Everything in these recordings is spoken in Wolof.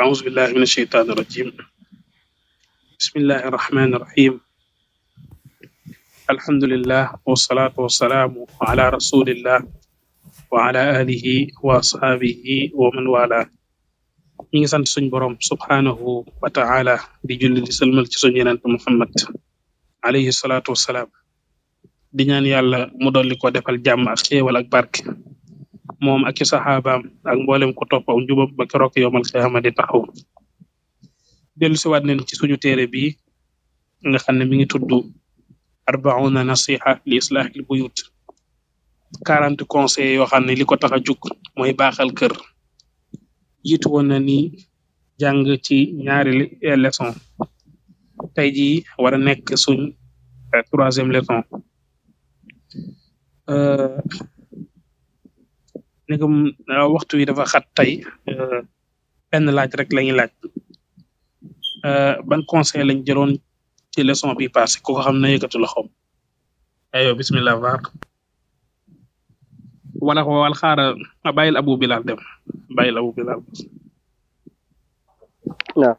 أعوذ بالله من الشيطان الرجيم بسم الله الرحمن الرحيم الحمد لله والصلاة والسلام على رسول الله وعلى آله وأصحابه ومن والاه ñi ngi sant suñ borom subhaanahu wa taala di julli ci suñ yenent Muhammad alayhi salaatu di ñaan yàlla mu dolli ko defal jàmm ak xéewal ak barke moom ak i saxaabaam ak mboolem ku topp aw njubam ba keroog yomal xiyaama di taxaw dellusiwaat nañ ci suñu téere bi nga xam ne mi ngi tudd arbauna nasiha li islaahil buyut quarante conseils yoo xam ne li ko tax a jug mooy baaxal kër jiitu na ni jàng ci ñaari leson te jii war a nekk suñ euh, troisième leçon euh, ne euh, waxtu wi dafa xat tey euh, benn laaj rek lañuy laaj euh, ban conseil lañ jëloon ci leçon bi passé ku ko xam ne yëkkatu loxoom ayo bismillah var wala ko wal xaara bàyyil abu dem bàyyil abu bilal waaw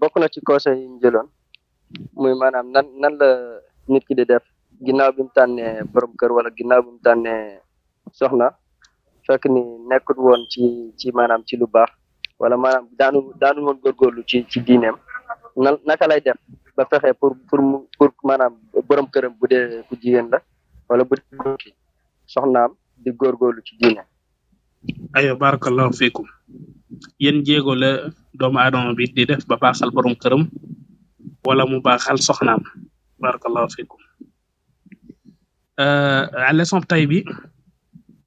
bokk na ci conseil yi jëloon muy maanaam nan nan la nit ki di def ginnaaw bi mu tànnee kër wala ginnaaw bi mu tànnee soxna fekk ni nekkut woon ci ci maanaam ci lu baax wala maanaam daanu daanu woon góorgóorlu ci ci diineem na naka lay def ba fexe pour pour mu pour maanaam borom këram bu de ku jigéen la wala bu dee soxnaam di góorgóorlu ci diine. ayo barakallahu fiikum yéen jéego la doomu aadama bi di def ba baaxal borom këram wala mu baaxal soxnaam barakallahu fiikum euh, leçon tey bi.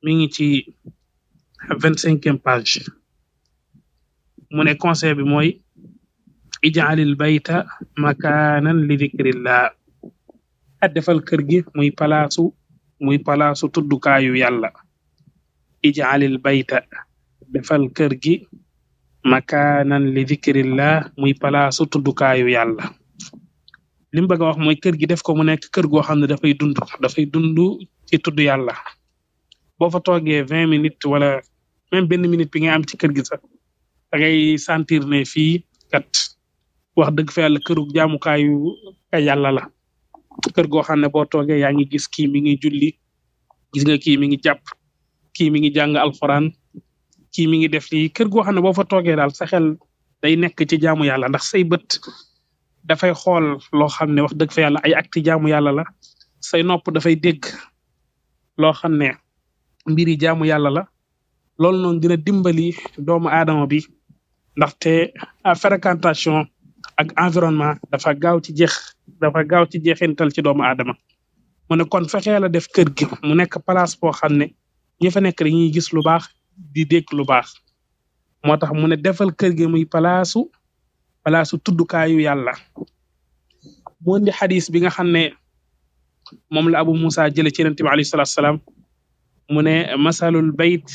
mi ngi ci vingt cinquième page mu ne conseil bi mooy ijaalil bayta makaanan li dikrillah a defal kër gi muy palaasu muy palaasu tuddukaayu yàlla ijaalil bayta defal kër gi makaanan li dikrillah muy palaasu tuddukaayu yàlla li mu bëgg a wax mooy kër gi def ko mu nekk kër goo xam ne dafay dund dafay dund ci tudd yàlla boo fa toogee vingt minutes wala même benn minute bi nga am ci kër gi sax da sentir ne fii kat wax dëgg fa yàlla këru jaamukaayu ay yàlla la kër goo xam ne boo toogee yaa ngi gis kii mi ngi julli gis nga kii mi ngi jàpp kii mi ngi jàng alxuraan kii mi ngi def lii kër goo xam ne boo fa toogee daal sa day nekk ci jaamu yàlla ndax say bët dafay xool loo xam ne wax dëgg fa yàlla ay acti jaamu yàlla la say nopp dafay dégg loo xam ne mbiri jaamu yàlla la loolu noonu dina dimbali doomu aadama bi ndaxte fréquentation ak environnement dafa gaaw ci jeex dafa gaaw ci jeexintal ci doomu aadama mu ne kon fexee la def kër gi mu nekk palaas boo xam ne ñi fa nekk dañuy gis lu baax di dégg lu baax moo tax mu ne defal kër gi muy palaasu palaasu tuddukaayu yàlla mu indi xadis bi nga xam ne moom la Abu Musa jële ci Yonent bi alayhi salaatu salaam mu ne masalul bayt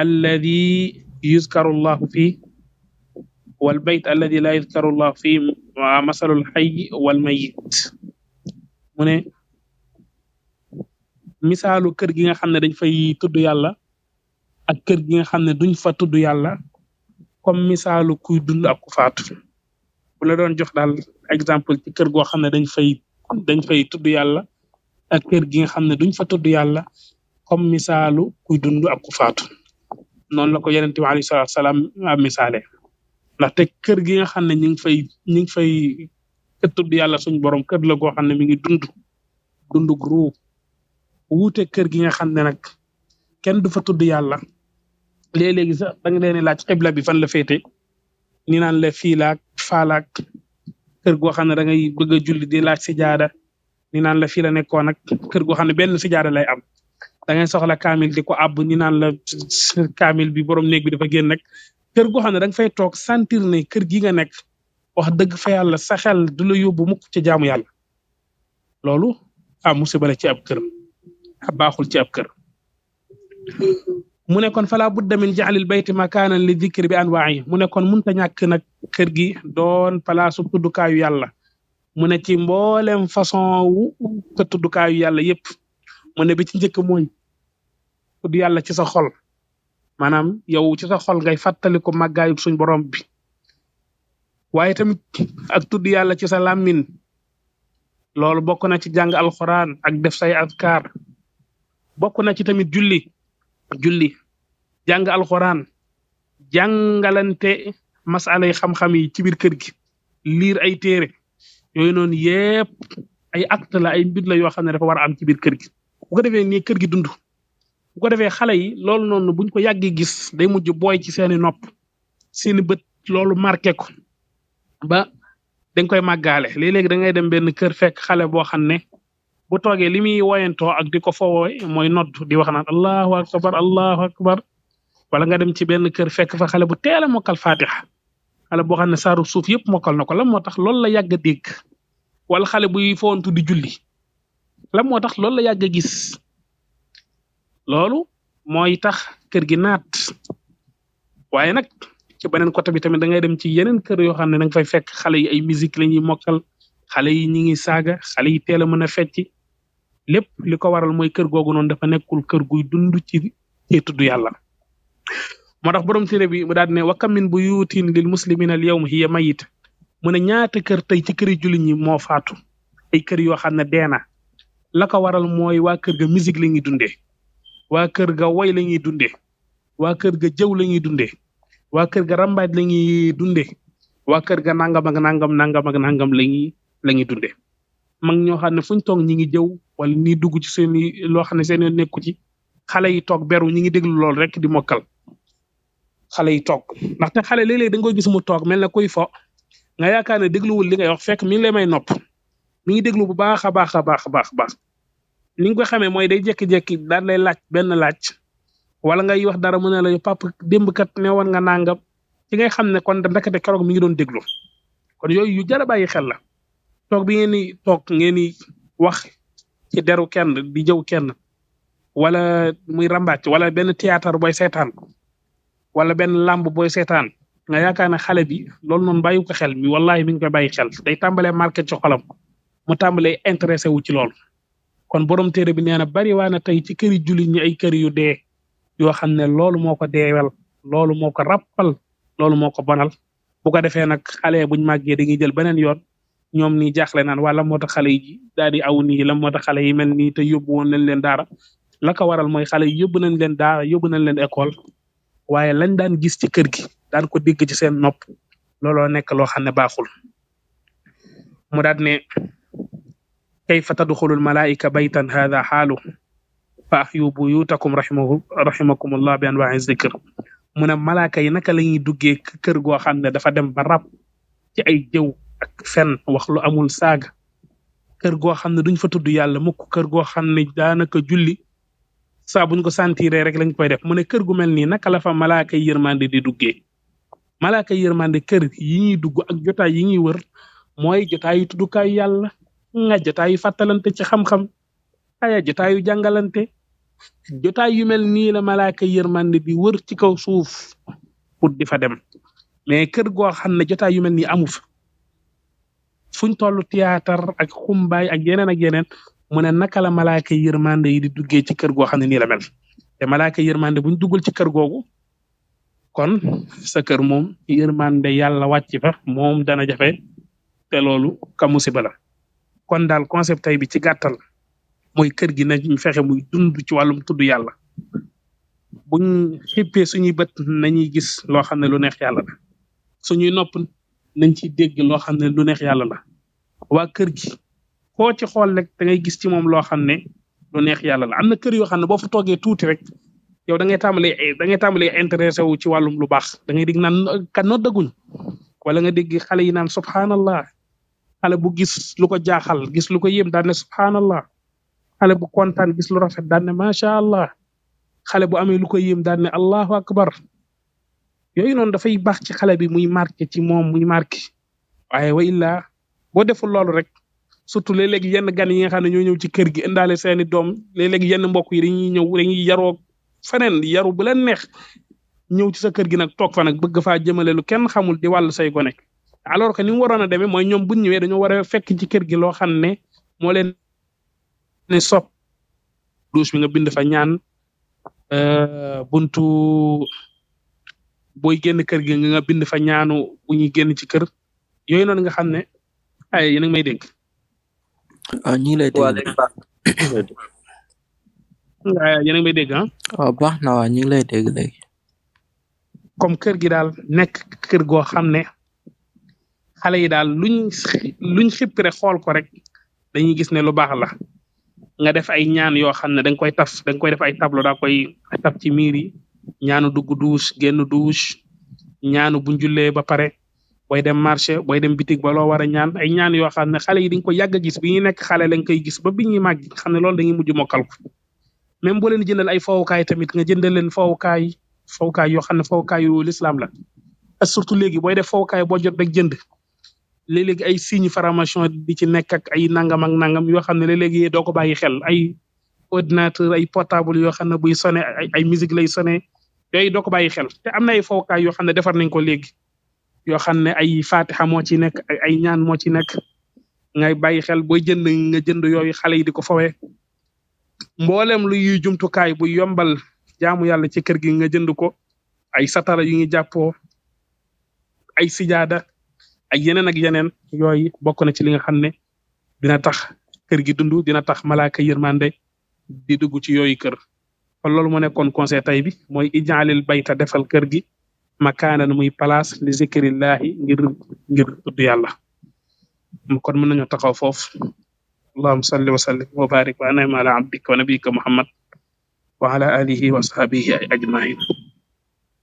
alladi yuzkaru llahu fi wal bayt alladi la yuzkaru llahu fi wa xay wal mayit mu ne misaalu kër gi nga xam ne dañ fay tudd yàlla ak kër gi nga xam ne duñ fa tuddu yàlla comme misaalu kuy dund ak ku faatu bu doon jox daal exemple ci kër goo xam ne dañ fay dañ fay tudd yàlla ak kër gi nga xam ne duñ fa tudd yàlla comme misaalu kuy dund ak ku faatu noonu la ko yonent bi alayhi salaam misaale ndaxte kër gi nga xam ne ñu fay ñu ngi fay tudd yàlla suñu borom kër la goo xam ne mi ngi dund dund ruu wuute kër gi nga xam ne nag kenn du fa tudd yàlla léeg-léegi sax da nga leen laaj xibla bi fan la féete ni naan la fiilaak falaak kër goo xam ne da ngay juli a di laaj si jaada ni naan la fii la nekkoon nag kër goo xam ne benn si jaada lay am da soxla kaamil di ko ab ñu naan la kaamil bi borom néeg bi dafa génn nag kër goo xam ne da nga fay toog santir ne kër gi nga nekk wax dëgg fa yàlla sa du la yóbbu mukk ca jaamu yàlla loolu ah musiba la ci ab kër a ah, baaxul ci kër mu ne kon fala budda min ja'lil bayti makaanan li dhikri bi anwaa'i mu ne kon ta ñàkk nag kër gi doon palaasu tuddukaayu yàlla mu ne ci mboolem façon wu ko tuddukaayu yàlla yépp mu ne bi ci njëkk mooy tudd yàlla ci sa xol maanaam yow ci sa xol ngay fàttaliku màggaayub suñ borom bi waaye tamit ak tudd yàlla ci sa làmmin loolu bokk na ci jàng alxuraan ak def say askar bokk na ci tamit julli julli jàng alxuraan jàngalante masala yi xam-xam yi ci biir kër gi liir ay téere yooyu noonu yépp ay acte la ay mbir la yoo xam ne dafa war am ci biir kër gi bu ko defee dund bu ko defee xale yi loolu noonu buñ ko yàggee gis day mujj booy ci seeni nopp seeni bët loolu marqué ba dañ koy màggaale léeg-léegi da ngay dem benn kër fekk xale boo xam ne bu toogee li muy woyantoo ak di ko fowoo mooy nodd di wax naan allahu akbar allahu akbar wala nga dem ci benn kër fekk fa xale bu teel a mokkal fatiha xale boo xam ne saaru suuf yëpp mokkal na ko lan moo tax loolu la yàgg a dégg wala xale buy fowantu di julli lan moo tax loolu la yàgg gis loolu mooy tax kër gi naat waaye nag ci beneen côté bi tamit da ngay dem ci yeneen kër yoo xam ne da fay fekk xale yi ay musique la ñuy mokkal xale yi ñi ngi saaga xale yi teel a mën a fecc lépp li ko waral mooy kër googu noonu dafa nekkul kër guy dund ci ci tudd yàlla moo tax borom téere bi mu daal ne wakam min bu yuutiin lil muslimina al yawm hiya mayit mu ne ñaata kër tey ci kër yi jullit ñi moo faatu ay kër yoo xam ne deena la ko waral mooy waa kër ga musique la ñuy dundee waa kër ga way la ñuy dundee waa kër ga jëw la ñuy dundee waa kër ga rambaaj la ñuy dundee waa kër ga nangam ak nangam nangam ak nangam la ñuy la ñuy dundee mag ñoo xam ne fu ñu toog ñi ngi jëw wala ni dugg ci seen loo xam ne seen yoon nekku ci xale yi toog beru ñi ngi déglu lool rek di mokkal xale yi toog ndaxte xale léeg-léeg da nga koy gis mu toog mel na kuy fo nga yaakaar ne dégluwul li ngay wax fekk mi ngi may nopp mi ngi déglu bu baax a baax a baax a baax. ni nga ko xamee mooy day jékki-jékki daal lay laaj benn laaj wala ngay wax dara mu ne la papa démb kat ne woon nga nangam ci ngay xam ne kon ndekete keroog mi ngi doon déglu kon yooyu yu jar a bàyyi xel la toog bi ngeen di toog ngeen di wax ci deru kenn di jëw kenn wala muy ràmbaaj wala benn théâtre booy seetaan wala benn làmb booy seetaan nga yaakaar ne xale bi loolu noonu bàyyi ko xel mi wallahi mi ngi koy bàyyi xel day tàmbalee marqué ci xolam mu tàmbalee intéressé wu ci loolu kon borom téere bi nee bari waa na tey ci këri jullit ñi ay kër yu dee yoo xam ne loolu moo ko deewal loolu moo ko rappal loolu moo ko bonal bu ko defee nag xale buñ màggee dañuy jël beneen yoon ñoom nii jaaxle naan waa la moo tax xale yi daal di aw nii la moo tax xale yi mel nii te yóbbu woon nañ leen daara la ko waral mooy xale yi yóbbu nañ leen daara yóbbu nañ leen école waaye lañ daan gis ci kër gi daan ko dégg ci seen nopp looloo nekk loo xam ne baaxul mu daat ne kayfa tadxulu almalaika baytan hada xaalu fa axyu buyutakum rahimahu rahimakumullah bi anwaai zikr mu ne malaaka yi naka la ñuy duggee kër goo xam ne dafa dem barab ci ay jëw ak fen wax amul saaga kër goo xam ne duñ fa tudd yàlla mukk kër goo xam ne daanaka julli saa buñ ko sentiree rek lañ koy def mu ne kër gu mel nii naka la fa malaaka yi yërmande di duggee malaaka yi yërmande kër yi dugg ak jotaay yi ñuy wër mooy jotaayu tuddukaayu yàlla yu fàttalante ci xam-xam aya jotaayu jàngalante jotaay yu mel nii la malaaka yërmande bi wër ci kaw suuf pour di fa dem mais kër goo xam ne jotaay yu mel nii amu fa fuñ toll théâtre ak xumbaay ak yeneen ak yeneen mu ne naka la malaaka yërmande yi di duggee ci kër goo xam ne nii la mel te malaaka yërmande buñ duggul ci kër googu kon sa kër moom yërmande yàlla wàcc fa moom dana jafe te loolu ka musiba la kon daal concept tey bi ci gàttal mooy kër gi nañ fexe muy dund ci wàllum tudd yàlla buñ xippee suñuy bët nañuy gis loo xam ne lu neex yàlla la suñuy nopp nañ ci dégg loo xam ne lu neex yàlla la waa kër gi koo ci xool rek da ngay gis ci moom loo xam ne lu neex yàlla la am na kër yoo xam ne boo fa toogee tuuti rek yow da ngay tàmbalee da ngay tàmbalee intéressé wu ci wàllum lu baax da ngay dégg naan kan noo dëgguñ wala nga dégg xale naan subhanallah xale bu gis lu ko jaaxal gis lu ko yéem daan ne subhanallah xale bu kontaan gis lu rafet daan ne macha allah xale bo amee lu ko yéem daan ne allahu akbar yooyu noonu dafay baax ci xale bi muy marqué ci moom muy marqué waaye wa illaa boo deful loolu rek surtout le léeg yenn gan yi nga xam ne ñoo ñëw ci kër gi indaale seeni doom léeg-léeg yenn mbokk yi dañuy ñëw dañuy yaroo feneen yaru bu neex ñëw ci sa kër gi nag toog fa nag bëgg faa jëmale lu kenn xamul di wàll say gone alors que ni mu waroon a demee mooy ñoom bu ñu ñëwee dañoo war a fekk ci kër gi loo xam ne moo leen ne sopp douche bi nga bind fa ñaan euh, buntu booy génn kër gi nga bind fa ñaanu bu ñuy génn ci kër yooyu noonu nga xam ne ay yéen a ngi may dégg. ah ñu ngi lay dégg. may dégg ah. waaw ah, baax na waa ñu ngi lay dégg comme kër gi daal nekk kër goo xam ne. xale yi daal luñ luñ xippi xool ko rek dañuy gis ne lu baax la nga def ay ñaan yoo xam ne da koy taf da koy def ay tableau daa koy taf ci miir yi ñaanu dugg douche génn douche ñaanu bu njullee ba pare booy dem marché booy dem bitig ba loo war ñaan ay ñaan yoo xam ne xale yi dañ ko yàgg a gis bi ñuy nekk xale lañ koy gis ba bi ñuy màgg xam ne loolu dañuy mujj mokkal ko même boo leen jëndal ay fowukaay tamit nga jëndal leen fowukaay fowukaay yoo xam ne fowukaay lislaam la surtout léegi booy def fowukaay boo jot rek jënd léeg-léeg ay signe formation di ci nekk ay nangam ak nangam yoo xam ne léeg-léeg doo ko bàyyi xel ay ordinateur ay portable yoo xam ne buy sonné ay ay musique lay sonné yooyu doo ko bàyyi xel te am na ay fowukaay yoo xam ne defar nañ ko léegi yoo xam ne ay fatiha moo ci nekk ay ñaan moo ci nekk ngay bàyyi xel booy jënd nga jënd yooyu xale yi di ko fowee mboolem lu yuy jumtukaay bu yombal jaamu yàlla ci kër gi nga jënd ko ay satala yu ñu jàppoo ay sijaada ak yeneen ak yeneen yooyu bokk na ci li nga xam ne dina tax kër gi dundu dina tax malaaka yërmande di dugg ci yooyu kër kon loolu moo nekkoon conseil tey bi mooy ijaalil bayta defal kër gi makaanan muy place li zikrillahi ngir ngir tudd yàlla kon mën nañu taxaw foofu allahuma salli wa sallim wa barik wa anam wa nabika